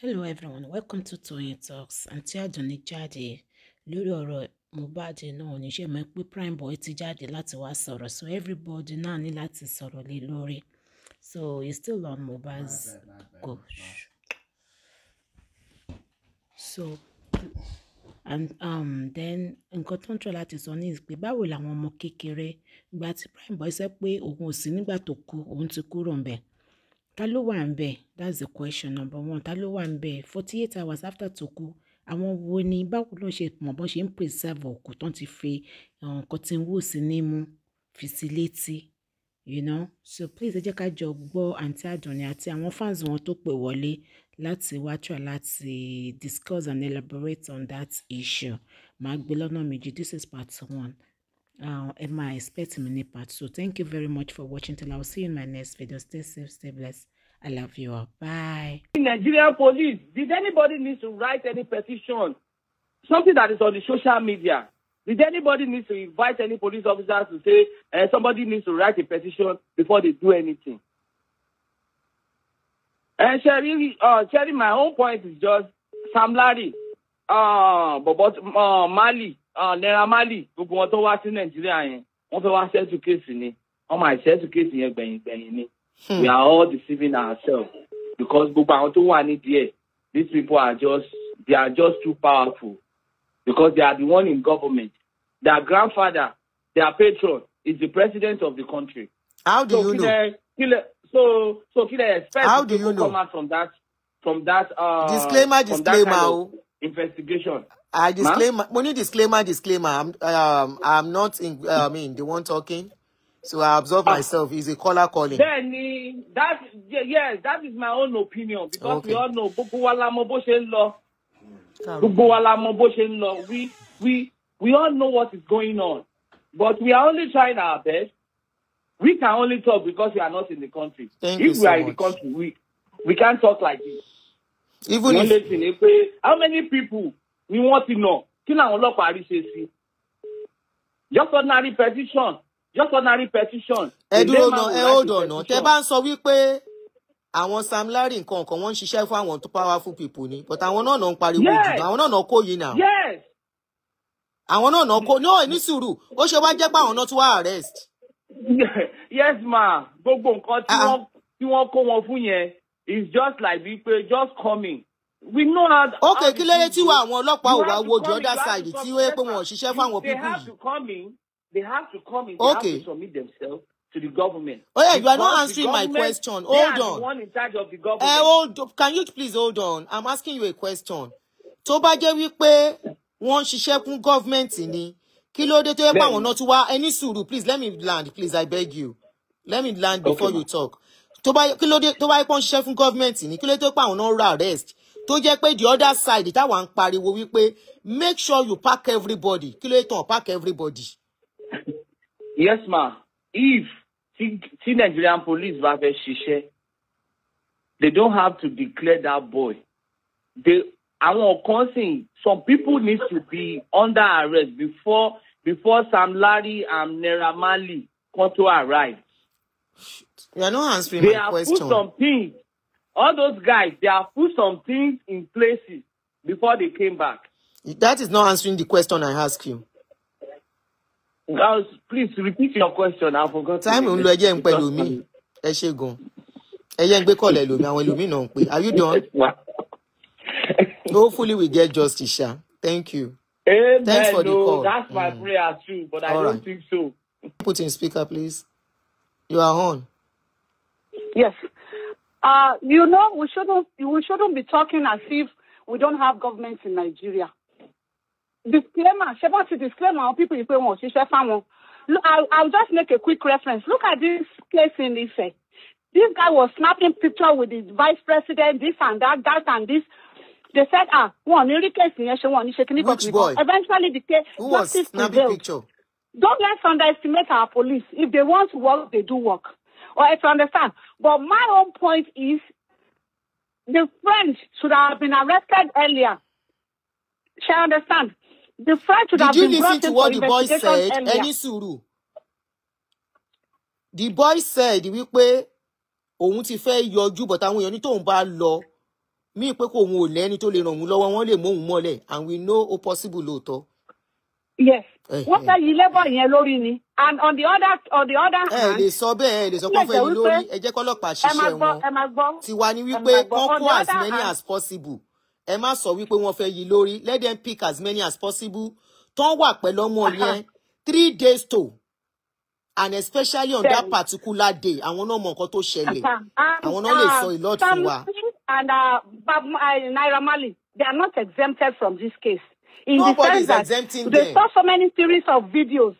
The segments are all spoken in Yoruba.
hello everyone welcome to Toyeen Talks àǹtí Àdùnní jáde lórí ọ̀rọ̀ Mohbad náà oníṣẹ́ mọ̀ pé Primeboy ti jáde láti wá sọ̀rọ̀ so everybody náà ní láti sọ̀rọ̀ lé lórí so you still on Mohbad's go so and um, then nǹkan tó ń tọ́ láti sọ ní pé báwo làwọn ọmọ kékeré gba ti Primeboy sẹ́ pé òun ò sí nígbà tó kú òun ti kúrò ń ta ló wà ń bẹ̀ that's the question number one ta ló wà ń bẹ̀ forty eight hours after tó kú àwọn wo ni báwo ló ṣe mọ̀ bọ́n ṣe ń preserve òkú tán ti fi cotton wool sí nímú fi sí you know so please ẹ jẹ́ ká jọ gbọ́ àǹtí àdùnní àti àwọn fans wọn tó pè wọlé láti wá try láti discuss and elaborate on that issue màá gbé lọ́nà méjì this is part one uh, and my expect mini part. So thank you very much for watching. Till I will see you in my next video. Stay safe, stay blessed. I love you all. Bye. Nigerian police, did anybody need to write any petition? Something that is on the social media. Did anybody need to invite any police officers to say uh, somebody needs to write a petition before they do anything? And eh, Sherry, uh, Sherry, my own point is just Sam Larry, uh, Bobot, uh, Mali, Naira Marley gbogbo wọn tó wá sí Nàìjíríà yẹn wọ́n fẹ́ wá ṣẹ́tù kéèsì ni wọ́n máa ṣẹ́tù kéèsì yẹn gbẹ̀yìn gbẹ̀yìn ni hmm. we are all deceiving ourselves because gbogbo àwọn tó wà ní díẹ̀ these people are just they are just too powerful because they are the one in government their grandfather their patron is the president of the country. how do so you know kile so so kile expect how do you know come out from that from that. Uh, disclaimer disclaimer o. Kind of, oh investigation. I disclaimer. Ma? Money disclaimer. Disclaimer. I'm um I'm not in. Uh, um, I mean the one talking. So I absorb ah. myself. Is a caller calling. Then that yes, that is my own opinion because okay. we all know gbogbo wa We we we all know what is going on, but we are only trying our best. We can only talk because we are not in the country. Thank if you we are much. in the country, we we can't talk like this wọ́n lè sì ní pé how many people ni wọ́n ti nà kí làwọn ọlọ́pàá rí ṣe sí just ordinary petition just ordinary petition. ẹ dúró ná ẹ on. dọ̀nà tẹ bá ń sọ wípé àwọn Sam Larry nǹkan kan wọ́n ń ṣiṣẹ́ fún àwọn tó powerful people ni but àwọn náà náà ń pariwo jù àwọn náà náà kó yìí nà. àwọn náà náà kó ní òní sùúrù ó ṣe wá jẹ́ pé àwọn náà tún wá arrest. yes ma gbogbo nǹkan ah, ah. tí wọ́n kó wọn fún yẹn it's just like bíi just coming we know how. okay kí lóye tí wàá àwọn ọlọ́pàá ò wá wo the other side tí ó yẹ pé wọn ò ṣiṣẹ́ fáwọn pípù yìí. they have to come in they have to come in they okay. have to submit themselves to the government. Oh yeah, you are not answering my question. Hold on. The one in charge of the eh, government. Uh, hold, can you please hold on? I'm asking you a question. Tó bá jẹ́ wípé wọ́n ṣiṣẹ́ fún government ni. Kí ló dé tó yẹ pé àwọn náà tún wá ẹni sùúrù please let me land please I beg you. Let me land before okay. you talk tó bá kí ló dé tó bá yẹ pọ́n ṣiṣẹ́ fún gọ́ọ̀mẹ̀ntì ni kí ló tó pa àwọn náà ra arrest tó jẹ́ pé the other side táwa ń pariwo wípé make sure you pack everybody kí ló dé tán pack everybody. yes ma if tí tí Nigerian police bá fẹ́ ṣiṣẹ́ they don't have to declare that boy they àwọn kan sìn some people need to be under arrest before before Sam Larry and Naira Marley kan tó arrive You are not answering they my have question. Put some things. All those guys, they have put some things in places before they came back. That is not answering the question I ask you. Guys, please repeat your question. I forgot. Time ń lọ ẹjẹ́ ń pẹ́ lómi. Ẹ ṣe gan. Ẹjẹ́ ń gbé kọ̀lẹ̀ lómi. Àwọn Are you done? Hopefully we get justice, Sha. Thank you. Amen. Thanks for the oh, call. That's my mm. prayer too, but I don't right. think so. Put in speaker, please. You are on. Yes. Uh, you know, we shouldn't we shouldn't be talking as if we don't have governments in Nigeria. Disclaimer, Shepard disclaimer on people pay one ṣiṣẹ́ fáwọn. Look, I'll, I'll just make a quick reference. Look at this case in Ife. This guy was snapping picture with his vice president, this and that, that and this. They said, ah, one, in case, one, Which boy? Eventually, the case. Who was snapping prevailed. picture? Don't let's underestimate our police. If they want to work, they do work. Or if you understand. But my own point is the French should have been arrested earlier. Shall I understand? The French should Did have been Did you listen to what the boy said? Any suru? The boy said wípé òun ti fẹ́ yọjú but àwọn èèyàn ní tóun bá lọ míì pé kò òun ò lẹ́ni tó lè ràn òun lọ́wọ́ wọ́n lè mú òun mọ́lẹ̀ and we know o possible lóòótọ́ yes eh, wọ́n eh. fẹ́ yí lẹ́bọ̀ yẹn lórí ni and on the other on the other eh, hand. ẹ lè sọ bẹ́ẹ̀ ẹ lè sọ pé fẹ́ yí lórí ẹ jẹ́ kọ́lọ́pàá ṣiṣẹ́ wọn tiwa ni wípé kọ́kọ́ as many as possible ẹ má sọ wípé wọ́n fẹ́ yí lórí let them pick as many as possible tán wà pẹ̀lú ọmọ yẹn three days to and especially on that particular day àwọn náà mọ nǹkan tó ṣẹlẹ̀ um, àwọn náà lè sọ ìlọ́tún wa. and uh, uh, Naira Marley they are not exempted from this case. In Nobody's the sense exempting they them. saw so many series of videos.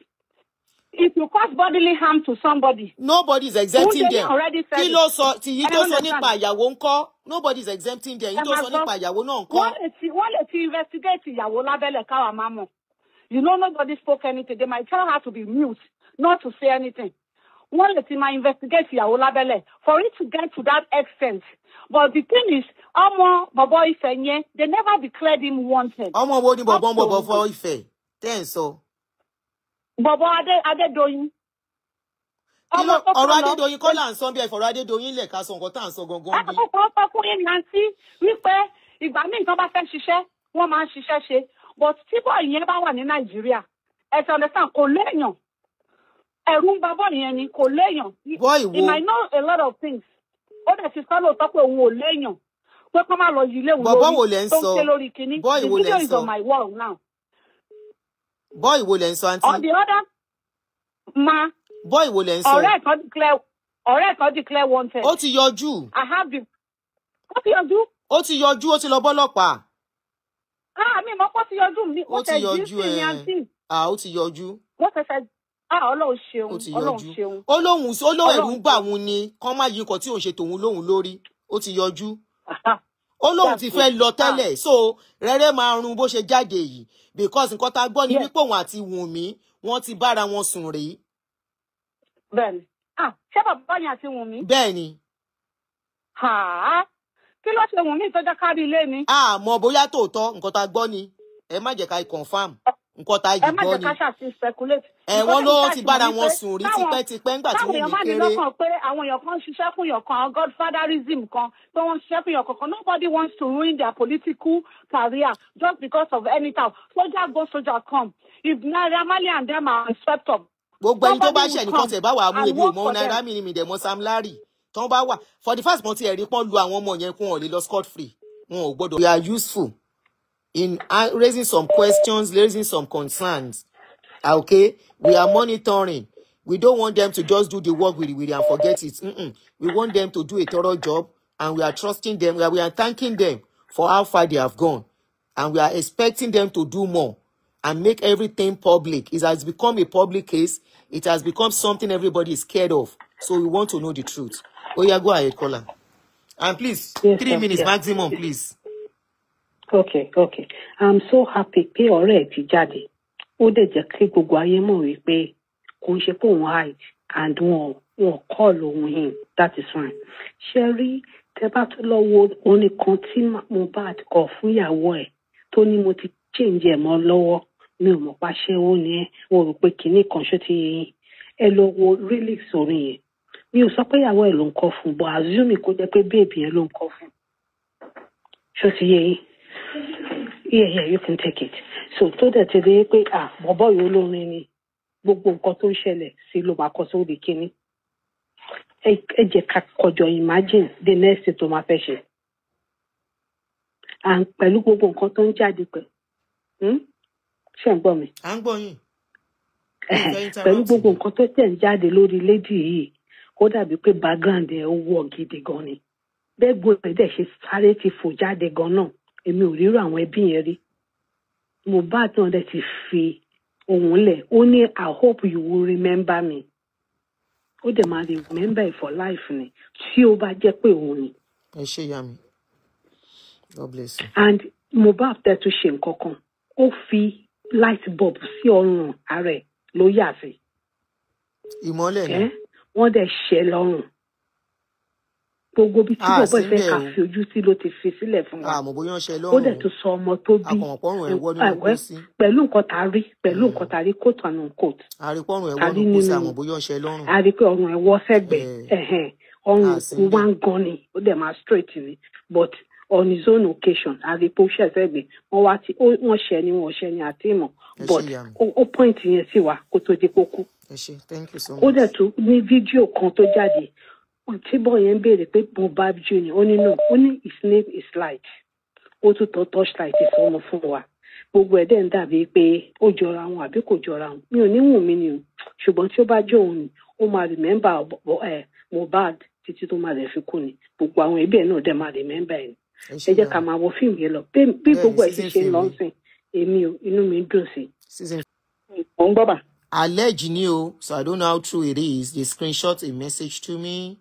If you cause bodily harm to somebody, nobody is exempting them. Already said kí ló sọ tí yìí tó your nípa call. Nobody is exempting them He does sọ nípa ìyàwó náà ńkọ́. wọ́n What? if you lè ti investigate ìyàwó káwa máa you know nobody spoke anything they might tell her to be mute not to say anything wọ́n Let him investigate ìyàwó lábẹ́lẹ̀ for it to get to that extent but the thing is ọmọ bọ̀bọ̀ Ifẹ̀ yẹn they never declared him wanted. ọmọ wo ni bọ̀bọ̀ bọ̀bọ̀ fọ Ifẹ̀ tẹ́ ẹ̀ sọ. bọ̀bọ̀ Adédoyin. ọ̀rọ̀ Adédoyin kọ́ là ń sọ bí ẹ̀fọ̀rọ̀ Adédoyin lẹ̀ ká sọ nǹkan tá à ń sọ gangan bí. àkókò ọkùnrin nancy wípé ìgbà míì tán bá fẹ́ ṣiṣẹ́ wọ́n máa ń ṣiṣẹ́ ṣe but tí bọ́ọ̀lù yẹn bá wà ní Nàìjíríà ẹ̀sẹ̀ understand kò léèyàn ẹ̀rù ń ba bọ́ọ̀lù yẹn ni kò léèyàn. bọ́ọ̀ ìwo he might know a lot of things ó dẹ̀ ti sọ́lọ́ tọ́ pé òun ò léèyàn pé kọ́ máa lọ yí ilé ìwé orí tó ń ké lórí kínní the video is on my wall now. bọ́ọ̀ ìwo lẹ̀ ń sọ àǹtí. on the other ma. bọ́ọ̀ ìwo lẹ̀ ń sọ. ọ̀rẹ́ kan declare ọ̀rẹ́ kan declare wanted. ó ti yọjú. I have the. ó ti yọjú. ó ti yọjú ó ti lọ bọ́lọ́pàá. ah mi mọ̀ pé ó ti yọjú mi. ó ti yọjú ẹ eh. ah, ó ti yọjú. wọ́n fẹ́fẹ́ ọlọ́run ṣeun ọlọ́run ṣeun. ó ẹ̀rù ń bà òun ni kán má yí nǹkan tí òun ṣe tòun lóun lórí ó ti yọjú. ó lóun ti fẹ́ lọ ah. tẹ́lẹ̀ so rẹ́rẹ́ máa run bó ṣe jáde yìí because nǹkan tá a gbọ́ ni wípé òun àti Wùnmí wọ́n ti bára wọn sùn rèé. bẹ́ẹ̀ni ah ṣé bàbá yẹn àti Wùnmí. bẹ́ẹ̀ni. kí ló ṣe Wùnmí tó jẹ́ kárí ilé ni. àmọ́ ah, bóyá tòótọ́ nǹkan tá a gbọ́ ni ẹ má jẹ́ ká confam nǹkan tá a yìí gbọ́ ni ẹ wọ́n ló ti bára wọn sùn rí tipẹ́tipẹ́ nígbà tí wọ́n mi kéré. táwọn èèyàn pé àwọn èèyàn kan ṣiṣẹ́ fún èèyàn kan godfatherism kan pé wọ́n ṣiṣẹ́ fún èèyàn kankan nobody wants to ruin their political career just because of any time soldier go soldier come if naira marley and them are swept up. gbogbo ẹni tó bá ṣẹ̀ nìkan tẹ̀ bá wà á mú èmi ò mọ náírà mi ni mi dẹ̀ mọ sam larry tán bá wà for the first month ẹ̀rí pọ́n lu àwọn ọmọ yẹn kún ọ̀lẹ́ lọ scot free wọn ò gbọ́dọ̀. we are useful in raising some questions, raising some concerns. Ah, okay, we are monitoring. We don't want them to just do the work with with and forget it. Mm -mm. We want them to do a thorough job, and we are trusting them. We are thanking them for how far they have gone, and we are expecting them to do more and make everything public. It has become a public case. It has become something everybody is scared of. So we want to know the truth. Oh yeah, go ahead, caller. And please, yes, three minutes yes. maximum, please okay okay i'm so happy pé ọ̀rẹ́ ẹ ti jáde ó dẹ̀ jẹ́ kí gbogbo ayé mọ̀ wípé kò ń ṣe pé òun hide and wọn wọn call òun in that is fine ṣe rí tẹ bá tún lọ wo orin kan tí Mohbad kọ fún ìyàwó ẹ̀ tó ní mo ti change ẹ̀ mọ́ lọ́wọ́ mi ò mọ̀ pa ṣé ó ní ẹ wọn rò pé kinní kan ṣó ti yẹ yín ẹ lọ wo relix orin yẹn mi ò sọ pé ìyàwó ẹ̀ ló ń kọ fún But azumi kó jẹ́ pé bèbí yẹn ló ń kọ fún ṣó ti yẹ yín yeah yeah you can take it so tó dẹ̀ ti rí pé ah bọ́bọ́ yìí olórin ni gbogbo nǹkan tó ń ṣẹlẹ̀ sí ló máa kọ sóde kínní ẹ jẹ́ ká kọjọ imagine the next thing tó máa fẹ́ ṣe and pẹ̀lú gbogbo nǹkan tó ń jáde pẹ̀ hmm? ṣe ń gbọ́ mi. à ń gbọ́ yín. pẹ̀lú gbogbo nǹkan tó tẹ̀ ń jáde lórí lady yìí ó dàbí pé background ẹ̀ wọ̀ gidi gan ni bẹ́ẹ̀ gbọ́dọ̀ ẹ̀ dẹ̀ ṣe sáré ti fò jáde gan náà èmi ò rírò àwọn ẹbí yẹn rí Mohbad náà dẹ̀ ti fi ohùn lẹ̀ ó ní i hope you will remember me ó dẹ̀ máa remember it for life ni tí ó bá jẹ́ pé òun ni. ẹ ṣe ìyá mi God bless you. and Mohbad tẹ́ tún ṣe nǹkan kan ó fi light bulb sí ọrùn ara ẹ̀ ló yà sí. ìmọ́lẹ̀ ni. wọ́n dẹ̀ ṣẹ́ lọ́rùn gbogbo bí tí ah, bọ̀bọ̀ ìfẹ́ kà fi ojú sí ló ti fi sílẹ̀ fún wa ah, ó dẹ̀ tó sọ ọmọ tó bí pẹ̀lú nǹkan tá hmm. a rí pẹ̀lú nǹkan tá a rí kóòtù àná kóòtù àrí nínú àrí pé ọrùn ẹ̀wọ́ sẹ́gbẹ̀ẹ́ eh. ọrùn ah, òkú wá ń gan ni ó dẹ̀ máa straight ni but on his own occasion àrí pé ó ṣẹ̀fẹ̀ gbé wọ́n wá tí wọ́n ṣẹ ni wọ́n ṣẹ ni àti ìmọ̀ but ó point yẹn sí wa kó tó di kókó ó dẹ̀ tó ní fídíò kan tó jáde tí bọ́ọ̀ yẹn béèrè pé Mohbad jù ni ó ní no ó ní his name is light ó tún tọ́ torchlight sọnù fún wa gbogbo ẹ̀ dẹ̀ ń dàbí pé ó jọra wọn àbí kò jọra wọn mi ò ní wùn mí ni o ṣùgbọ́n tí ó bá jẹ́ òun ni ó máa rìmẹ́mbà Mohbad títí tó máa rẹ̀ fi kú ni gbogbo àwọn ẹbí ẹ̀ náà dẹ̀ máa rìmẹ́mbà ẹ̀ ni ẹ jẹ́ ká máa wo fíìmù yẹn lọ bí gbogbo ẹ̀ ṣe ṣe lọ́sìn èmi ò inú mi dùn sí. mo ń gbọ́ bà. alleged ni o so I don't know how true it is they screenshot a message to me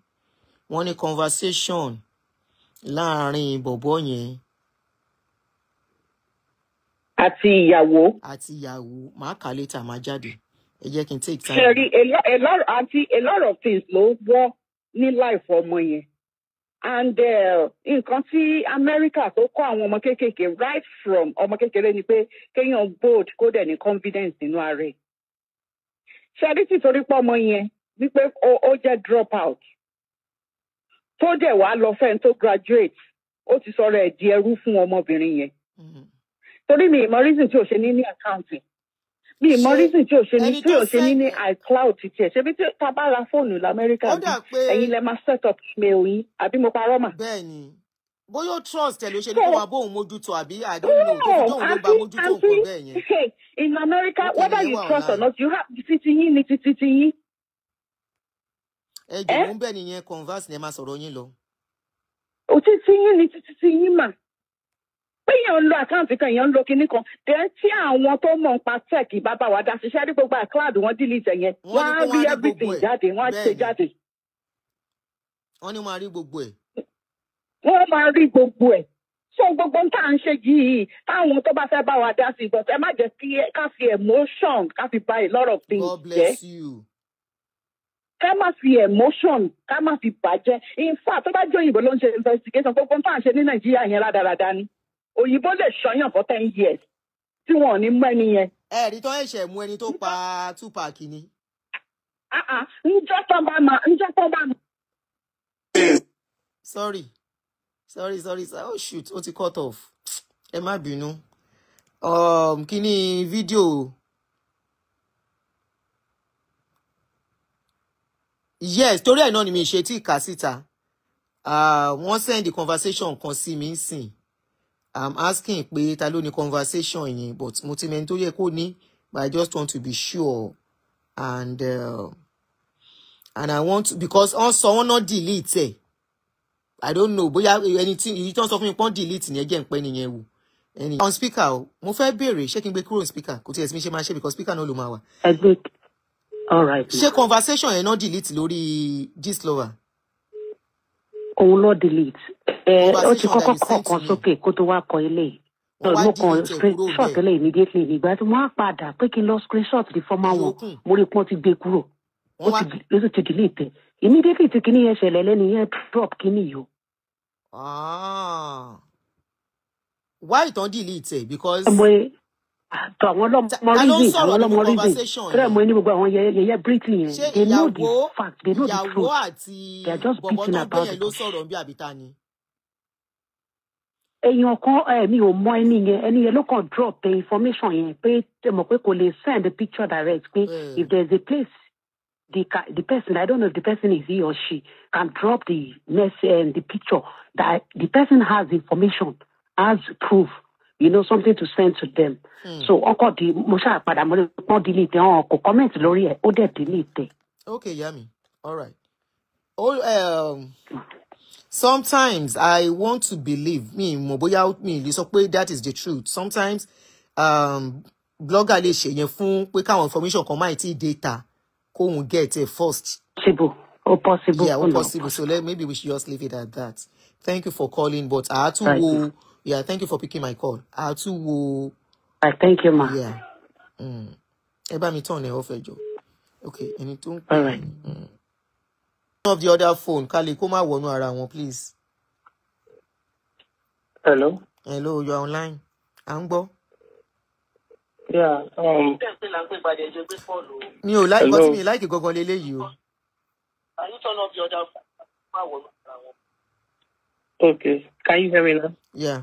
wọ́n ní conversation láàrin bọ̀bọ́ yẹn. àti ìyàwó. àti ìyàwó màá kà létà máa jáde ẹ jẹ́ kí n take time. ṣe rí àti a lot of things ló wọ́ ní life ọmọ yẹn and eh, nǹkan tí America, tó kọ́ àwọn ọmọ kéékèèké right from ọmọ kékeré ni pé kéèyàn bold kó dẹ̀ ní confidence nínú ara ẹ̀. ṣe rí títorí pọ̀ ọmọ yẹn wípé ó jẹ́ drop out tó dẹ̀ wá lọ fẹ́ni tó graduate ó ti sọ̀rọ̀ ẹ̀ di ẹrú fún ọmọbìnrin yẹn mm-hmm. torí mi ìmọ̀ reason tí o ṣe ní ní accounting mi ìmọ̀ reason tí o ṣe ní tí o ṣe ní ní icloud ti tiẹ̀ ṣebí tí ta bá ra fóònù lamẹ́ríkà bí ẹ̀yin lẹ máa set up email yín àbí mo parọ́ mà. bẹ́ẹ̀ni bóyá o trust ẹ ló ṣe ní kó wa bóun mójútó àbí i don't know tó fi tóun ló bá mójútó nǹkan bẹ́ẹ̀ yẹn. in America whether you trust or not you have titi yín ni titi yín ẹ jọ̀wọ́ ń bẹ̀ nìyẹn converse ni ẹ máa sọ̀rọ̀ yín lọ. òtítí yín ni títí yín mà pé ń lo àkáǹtì kan èèyàn ń lo kinní kan tẹ́ àwọn tó mọ̀ ń pa tech bàbá wa dá ṣiṣẹ́ rí gbogbo cloud wọn delete yẹn wọ́n á rí everything jáde wọ́n á ṣe jáde. wọ́n ní wọ́n á rí gbogbo ẹ̀. wọ́n máa rí gbogbo ẹ̀ so gbogbo ń tà ń ṣe yìí táwọn tó bá fẹ́ bá wa dá sí but má jẹ́ ká fi emotion ká fi ba a lot of things jẹ́. God bless you ká má fi emotion ká má fi bàjẹ́ in fact tó bá jẹ́ òyìnbó ló ń ṣe investigation gbogbo tó à ń ṣe ní nàìjíríà yẹn rádaràda ni òyìnbó lè ṣọyàn for ten years tí wọn ò ní mú ẹni yẹn. ẹ̀rí tó ẹ̀ṣẹ̀ mú ẹni tó pa tupac ni. ǹjọ́ ah, ah, tó bá ma ǹjọ́ tó bá ma. sorry sorry sorry sir oh shoot ó ti cut off ẹ má bínú um, kí ni fídíò yes torí ẹ̀ náà ni mi ṣe tí ìka síta ah, wọ́n send the conversation kan sí mi sìn i'm asking pé ta ló ní conversation yìí but mo ti mẹ́ni tó yẹ kó ní but i just want to be sure and uh, and i want to because wọ́n sọ wọ́n náà delete ẹ̀ i don't know bóyá anything tí èyí tí wọ́n sọ fún mi pọ́n delete ni ẹ jẹ́ ń pẹ́ nìyẹn wò ẹni. on speaker o mo fẹ́ béèrè ṣé kí n gbé kúrò on speaker kò tiẹ̀ sí mi ṣe máa ṣe because speaker náà ló máa wà. ẹ all right ṣé conversation yẹn náà delete lórí gistlover. òun ló delete ẹ ó ti kọ́kọ́ kọ̀ kan sókè kó tó wá kọ ilé yìí mo kàn screenshot tẹ́lẹ̀ immediately nígbà tí wọ́n á padà pé kí n lọ screenshot di former wọn mo rí pọ́n ti gbé kúrò ó ti delete ẹ̀ immediately tí kinní yẹn ṣẹlẹ̀ lẹ́nu yẹn drop kinní yìí o. Ah. why ìtàn delete ẹ because to àwọn ọlọmọ rízì àwọn ọlọmọ rízì tẹ́lẹ̀ mọ gbogbo àwọn yẹyẹ yẹyẹ britain yẹn they know the fact they know the truth they are just beating about it. èèyàn kan ẹ̀mí eh, ò mọ ẹni yẹn ẹni yẹn ló kàn drop the information yẹn pé mọ̀ pé kò lè send the picture direct pé eh. if there is a place the the person I don't know if the person is he or she can drop the message and eh, the picture that the person has information has proof you know something to send to them. Hmm. so uncle, di mo ṣáà padà mo lè delete wọn kò comment lórí ẹ ó dẹ delete. Okay, yummy. all right. Oh, um, sometimes i want to believe me, mo out me. lè sọ pé that is the truth sometimes um, blogger lè ṣe yẹn fún pé káwọn information kan máa ti data kóhun get it first. possible oh, possible. yeah oh, possible. possible so let, maybe we should just leave it at that thank you for calling but I had to àátúwò. Yeah, thank you for picking my call. A tún wo. I ah, thank you, ma. Yeah. Hmm. bá mi turn ẹ̀ ọ̀fẹ́ jọ. Okay, ẹni tó ń pè é. Mm. of the other phone, Kale, kó má wọnú around one, please. Hello. Hello, you are online. À Yeah, um. Mi ò láì gbọ́ tí mi láìkì gangan leléyìí you. Are you turn off the other phone? Okay. Can you hear me now? Yeah.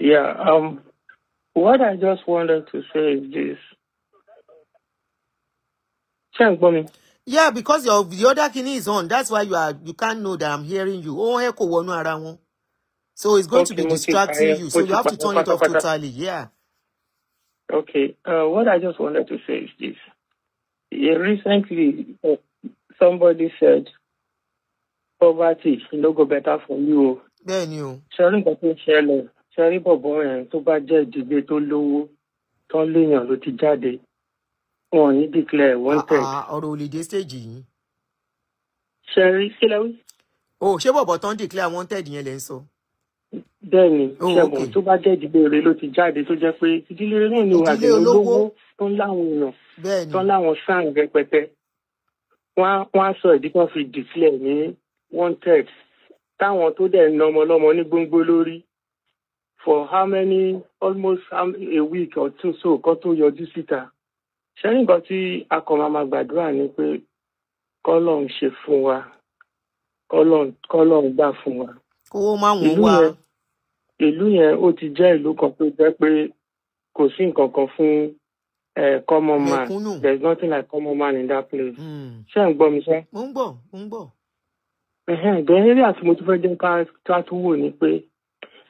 Yeah. Um, what I just wanted to say is this. Chen Bomi. Yeah, because your the other kidney is on. That's why you are you can't know that I'm hearing you. Oh, echo wonu ara So it's going okay, to be distracting okay. you. So you have to turn it off totally. Yeah. Okay. Uh, what I just wanted to say is this. Recently, uh, somebody said, poverty no go better for you. Then you sharing orí nǹkan ṣẹ́rí bọ̀bọ̀ yẹn tó bá jẹ́ ìdìgbé tó lówó tán léèyàn ló ti jáde wọn ò ní declare ah, wanted. Ah, ah, ọ̀rọ̀ ò lè dé stage yìí. ṣẹ́rí kílẹ̀ wí. o ṣé bọ̀bọ̀ tán declare wanted yẹn lẹ́ ń sọ. bẹ́ẹ̀ni oh, ṣẹ̀bùn tó bá jẹ́ ìdílé rẹ̀ ló ti jáde tó jẹ́ pé ìdílé rẹ̀ náà ni wà ní olówó tó ń láwọn èèyàn tó ń láwọn sáà rẹpẹtẹ wọ́n á sọ ìdí kan fi declare ní wanted táwọn tó dẹ̀ ń nọmọlọ́mọ ní gbóngbó lórí for how many almost um, a week or two so kan tó yọjú síta ṣẹ́yìn kan tí a kàn máa ma gbàdúrà ni pé kọ́lọ̀ ń ṣe fún wa kọ́lọ̀ ń gbà fún wa. owó máa wọ́n wá. ìlú yẹn ó ti jẹ́ ìlú kan tó jẹ́ pé kò sí nǹkan kan fún common man there is nothing like common man in that place. Hmm. ṣé ń gbọ́ mi ṣe. mo ń gbọ́ mo ń gbọ́. ẹ̀hẹ́n ìgbẹ́ eré àti mo tún fẹ́ jẹ́ ká tó wò ni pé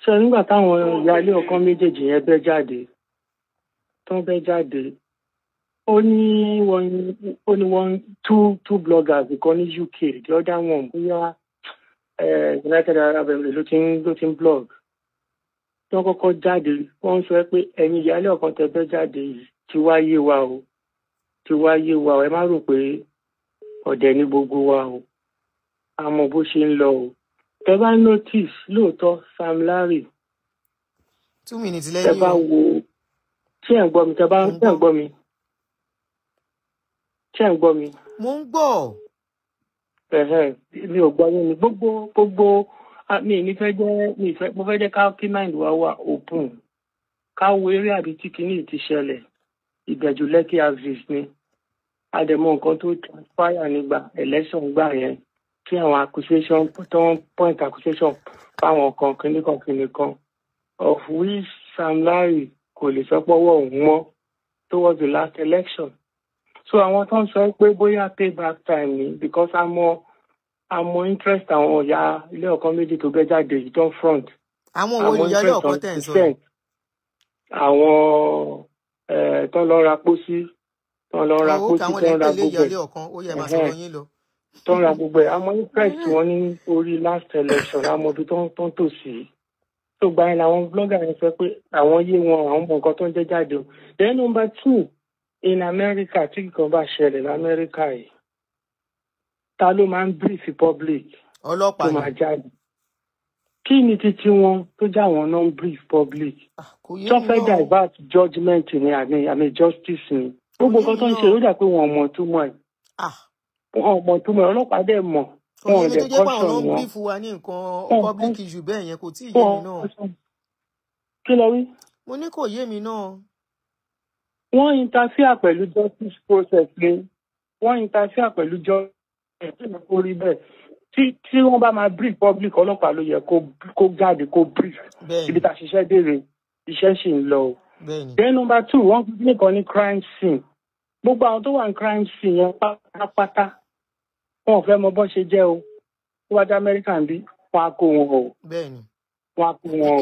ṣe nígbà táwọn ìyáálé ọkọ méjèèjì yẹn bẹ́ jáde tán bẹ́ jáde ó ní wọn ó ní wọn two two bloggers ìkan ní UK the other one bóyá United Arab Emirates ló ti ń ló ti ń blog tí wọ́n kọ́kọ́ jáde wọ́n ń sọ pé ẹ̀yin ìyáálé ọ̀kan tẹ́ bẹ́ jáde ti wá yé wa o ti wá yé wa o ẹ má rò pé ọ̀dẹ̀ ni gbogbo wa o a bó ṣe ń lọ o tẹ bá notice lóòótọ́ Sam Larry two minutes lẹ́yìn tẹ bá wo ṣé ẹ̀ ń gbọ́ mi tẹ bá ṣé ẹ̀ ń gbọ́ mi ṣé ẹ̀ ń gbọ́ mi. mo ń gbọ́. mi ò gbọ́ yín ni gbogbo gbogbo mi ní fẹ́ jẹ́ mi fẹ́ mo fẹ́ jẹ́ ká kí mind wa wá open ká wo eré àbí tí kinní ti ṣẹlẹ̀ ìgbẹ̀jù lẹ́kì avis ni àdẹ̀mọ nǹkan tó transpire nígbà election gbà yẹn tí àwọn accusation tó ń point accusation fáwọn kan kìnìkan kìnìkan of which Sam Larry kò lè sọ pé ọwọ́ òun mọ́ towards the last election so àwọn tó ń sọ pé bóyá pay back time ni because a mọ a mọ interest àwọn ọ̀yà ilé ọ̀kan méjì tó bẹ́ jáde yìí tó ń front àwọn wo ni yọlé ọ̀kan tẹ̀ ń sọ àwọn eh, tó ń lọ ra pósí tó ń lọ ra oh, pósí tó ń ra gbogbo ẹ̀ ó tó ń ra gbogbo ẹ̀ àmọ́ interest mm-hmm. wọn ní orí last election àmọ́ ibi tó ń tó ń tò sí tó gba ẹ̀ làwọn blogger yẹn sọ pé àwọn yé wọn àwọn mọ nǹkan tó ń jẹ́ jáde o then number two in America tí nǹkan bá ṣẹlẹ̀ lamẹ́ríkà yìí ta ló máa ń brief public tó máa jáde kí ni títí wọn tó já wọn non brief public ah, tó fẹ́ divert judgement ni àmì justice ni gbogbo nǹkan tó ń ṣe ló dà pé wọn mọ̀ túmọ̀ ẹ̀. Ah, wọn mọ̀ tó mọ̀ ọlọ́pàá dẹ̀ mọ̀. òye ni tó jẹ́ pé àwọn ń bí fún wa ní nǹkan public issue bẹ́ẹ̀ yẹn kò tí ì yé mi náà. kí lẹ wí. mo ní kò yé mi náà. wọ́n interfere pẹ̀lú justice process ni wọ́n interfere pẹ̀lú justice process kó rí bẹ́ẹ̀ tí tí wọ́n bá máa brief public ọlọ́pàá ló yẹ kó kó jáde kó brief ibi tá a ṣiṣẹ́ béèrè iṣẹ́ sì ń lọ. then number two wọ́n nìkan ní crime scene gbogbo àwọn tó wà ní crime scene yẹn pátápátá wọn ò mọ bọ́ ṣe jẹ́ o tó bá jẹ́ amẹ́ríkà ń bí wọn á kó wọn o wọn á kó wọn o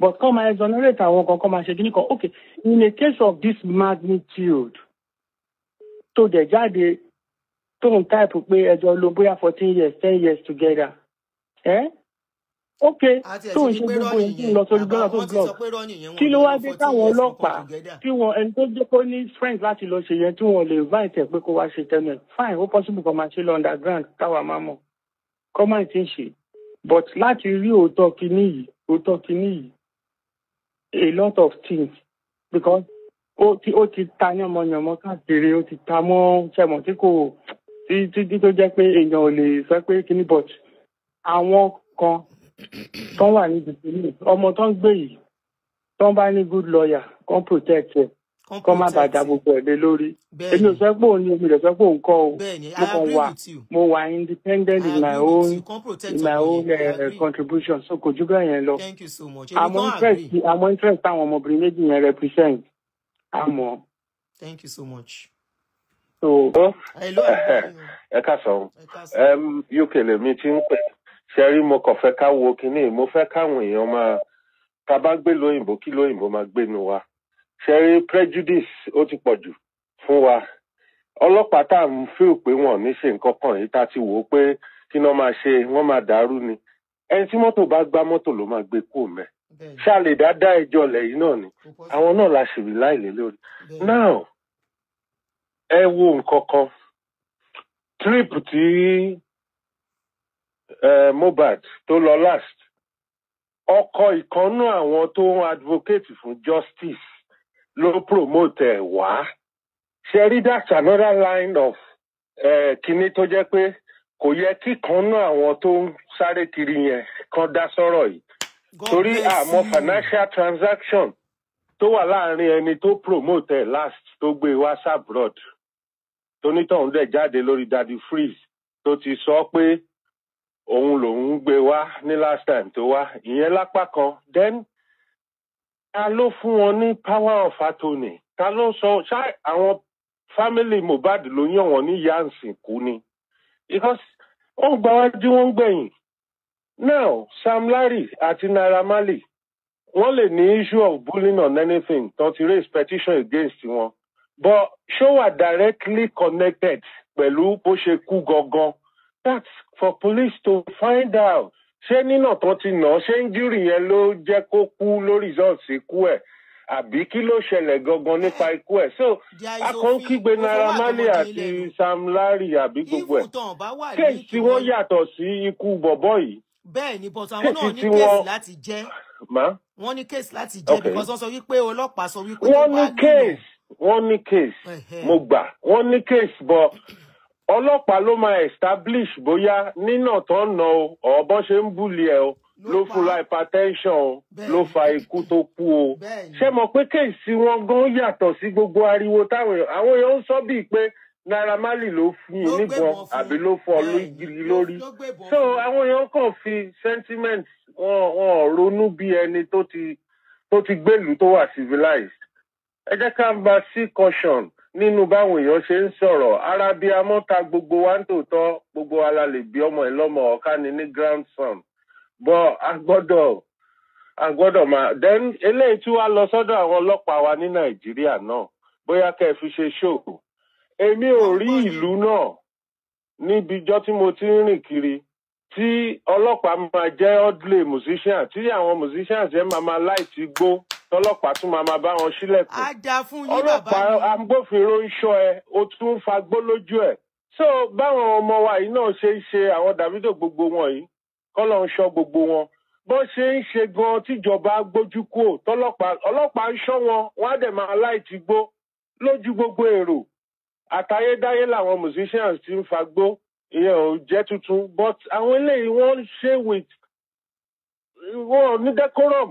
but kọ́ máa exonerate àwọn kan kọ́ máa ṣe kíní ok in a case of this magnitude tó dẹ̀ jáde tó ń táìpù pé ẹjọ́ ló bóyá fourteen years ten years together. Eh? ok tó ń ṣe gbogbo yìí ń lọ sórí gbọ́dọ̀ tó blog kí ló wá dé táwọn ọlọ́pàá tí wọn ẹni tó jẹ́ kó ní friends láti lọ ṣe yẹn tí wọn lè invite ẹ̀ pé kó wá ṣe tẹ́nu ẹ̀ fine ó possible kó máa ṣe lọ underground táwa máa mọ̀ kó máa ti ń ṣe but láti rí òótọ́ kínní yìí òótọ́ kínní yìí a lot of things because ó ti ó ti ta yànmọ̀yànmọ̀ káàkiri ó ti ta mọ́ ṣẹ̀mọ̀ tí kò tí tí tó jẹ́ pé èèyàn ò lè sọ pé kínní but àwọn kan tó wà ní dìbìlì ọmọ tó ń gbé yìí tó ń bá ní good lawyer kan protect ẹ kan má bàa da gbogbo ẹ̀ lé lórí èmi ò fẹ́ pé òun ni èmi ò fẹ́ pé òun kọ́ o mo kàn wà mo wà independent in my own in my own uh, contribution so kò jù bẹ́ẹ̀ yẹn lọ àmọ́ interest àmọ́ interest táwọn ọmọbìnrin méjì yẹn represent àmọ́. thank you so much. so ẹ ká sọ uk lèmi ti ń pè é ṣẹ́rí mo kàn fẹ́ ká wo kinní mo fẹ́ káwọn èèyàn máa ká bá gbé lóyìnbó kí lóyìnbó máa gbénu wa ṣẹ́rí prejudice ó ti pọ̀ jù fún wa ọlọ́pàá tá à ń fíl pé wọ́n ní ṣe nǹkan kan yìí tá a ti wò ó pé kí wọ́n máa ṣe wọ́n máa dàrú ni ẹni tí mọ́tò bá gbá mọ́tò ló máa gbé kú mẹ́ ṣáàlè dáadáa ẹjọ́ lẹ́yìn náà ni àwọn náà la ṣèlú láìlè lórí now ẹ wo nǹkan kan trip tí. Tí uh, Mohbad tó lọ last ọkọ ìkànnú àwọn tó ń advocate fún justice ló promote ẹ̀ wá ṣe rí that's another line of uh, kinní tó jẹ́ pé kò yẹ kí ìkànnú àwọn tó ń sáré kiri yẹn kan dá sọ́rọ̀ yìí torí àmọ́ financial transaction tó wà láàrin ẹni tó promote ẹ̀ last tó gbé wá sábrọd tónítọ̀hún dẹ̀ jáde lórí Daddy Freeze tó ti sọ pé òun lòun gbé wá ní last time tó wá ìyẹn lápá kan then ta ló fún wọn ní power of attorney ta ló sọ ṣá àwọn family Mohbad ló yàn wọn ní yansin kú ni because wọn gba wájú wọn gbẹ̀yìn now Sam Larry àti Naira Marley wọn lè ní issue of bullying on anything don't raise petition against wọn but show wà directly connected pẹ̀lú bó ṣe kú gangan that's for police to find out ṣé nínà tán ti nà ṣé ń jírì yẹn ló jẹ́ kó kú lórí ìzọ́ọ̀sì ikú ẹ̀ àbí kí ló ṣẹlẹ̀ gangan nípa ikú ẹ̀ so akọ́ńkígbe Naira Marley àti Sam Larry àbí gbogbo ẹ̀ kéèsì tí wọ́n yàtọ̀ sí ikú bọ̀bọ̀ yìí bẹ́ẹ̀ ni but àwọn náà ní kéèsì láti jẹ́ wọ́n because wọ́n sọ wípé ọlọ́pàá sọ wípé wọ́n ní kéèsì wọ́n ní kéèsì mo gbà wọ́n ní kéèsì but ọlọ́pàá ló máa establish bóyá nínà tó ń nà o ọ̀bọ́n ṣe ń búlì ẹ̀ o ló fura hypertension o ló fa ikú tó kú o ṣé mọ̀ pé kéèsì wọn gan yàtọ̀ sí gbogbo ariwo táwọn àwọn èèyàn ń sọ bíi pé Naira Marley ló fún un níbọn àbí ló fọ lógiri lórí so àwọn èèyàn kàn fi sentiment wọn wọn ronú bí ẹni tó ti tó ti gbèlú tó wà civilized ẹ jẹ́ ká ń ba sí caution nínú báwọn èèyàn ṣe ń sọ̀rọ̀ arábíamọ ta gbogbo wa ń tòótọ́ gbogbo wa lè bí ọmọ ẹ lọ́mọ ọ̀ká ni ní grandson bọ́ a gbọ́dọ̀ a máa then eléyìí tí wàá lọ sọ́dọ̀ àwọn ọlọ́pàá wa ní nàìjíríà náà bóyá kẹ́ ẹ fi ṣe ṣòkò èmi ò rí ìlú náà níbi tí mo ti ń rìn kiri tí ọlọ́pàá máa jẹ́ ọdley musician tí àwọn musicians yẹn máa máa láì ti gbó tọlọ́pàá tún máa máa bá wọn sílẹ̀kùn. a jà fún yín bàbá mi. ọlọ́pàá agbófinró ń ṣọ́ ẹ o tún fagbó lójú ẹ. so báwọn ọmọ wa yìí náà ṣe ń ṣe àwọn Davido gbogbo wọn yìí kọlọ ń ṣọ́ gbogbo wọn bọ́n ṣe ń ṣe gan tíjọba gbójú kú ò tọlọ́pàá ọlọ́pàá ń ṣọ́ wọn wọn á dẹ̀ máa láìtì gbó lójú gbogbo èrò àtayédáyé làwọn musicians ti ń fagbó ìyẹn ò jẹ́ tuntun but àwọn eléyìí wọ́n ṣe with wọn ní decorum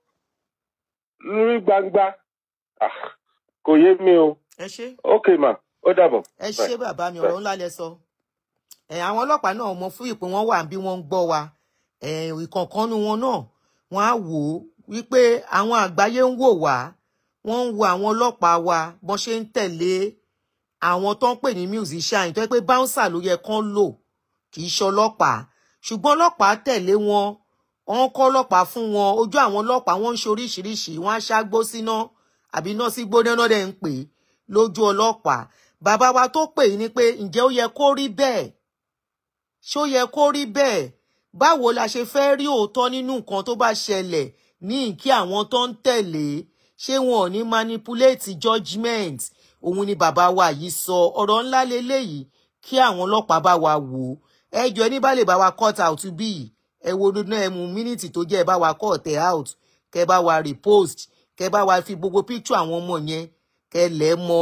lórí gbangba ah, kò yé mi o. ẹ ṣe. ok ma ó dàbọ̀. ẹ ṣe bàbá mi ọ̀rọ̀ ńlá lẹ sọ. àwọn ọlọ́pàá náà mọ fún ìpín wọn wà bí wọ́n ń gbọ́ wa ìkọ̀ọ̀kanú wọn náà wọ́n á wò ó wípé àwọn àgbáyé ń wò wá wọ́n ń wo àwọn ọlọ́pàá wa bọ́n ṣe ń tẹ̀lé àwọn tó ń pè ní musician tó yẹ pé bouncer ló yẹ kán lò kì í ṣe ọlọ́pàá ṣùgbọ́n ọlọ́pàá tẹ̀lé wọn wọn kọ́ ọlọ́pàá fún wọn ojú àwọn ọlọ́pàá wọn ń ṣe oríṣiríṣi wọn á ṣàgbó síná àbí iná sí gbóná dẹ̀ ń pè lójú ọlọ́pàá bàbá wa tó pè ní pé ǹjẹ́ ó yẹ kó rí bẹ́ẹ̀ ṣó yẹ kó rí bẹ́ẹ̀ báwo la ṣe fẹ́ rí òótọ́ nínú nǹkan tó bá ṣẹlẹ̀ ní kí àwọn tó ń tẹ̀lé ṣé wọn ò ní manipulate judgement òun ni bàbá wa yìí sọ ọ̀rọ̀ ńlá leléyìí kí àwọn ọlọ́pàá bá wa wò ẹjọ́ ẹni bá lè bá wa cut out bí yìí ẹ wo dúdú náà ẹ mú mínítì tó jẹ́ ẹ bá wa call tẹ out kẹ bá wa repost kẹ bá wa fi gbogbo píkṣọ àwọn ọmọ yẹn kẹ lẹ́ mọ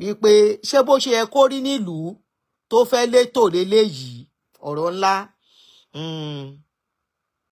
wípé ṣé bó ṣe yẹ kó rí nílùú tó fẹ́ létò lélẹ́yìí ọ̀rọ̀ ńlá. Hmm.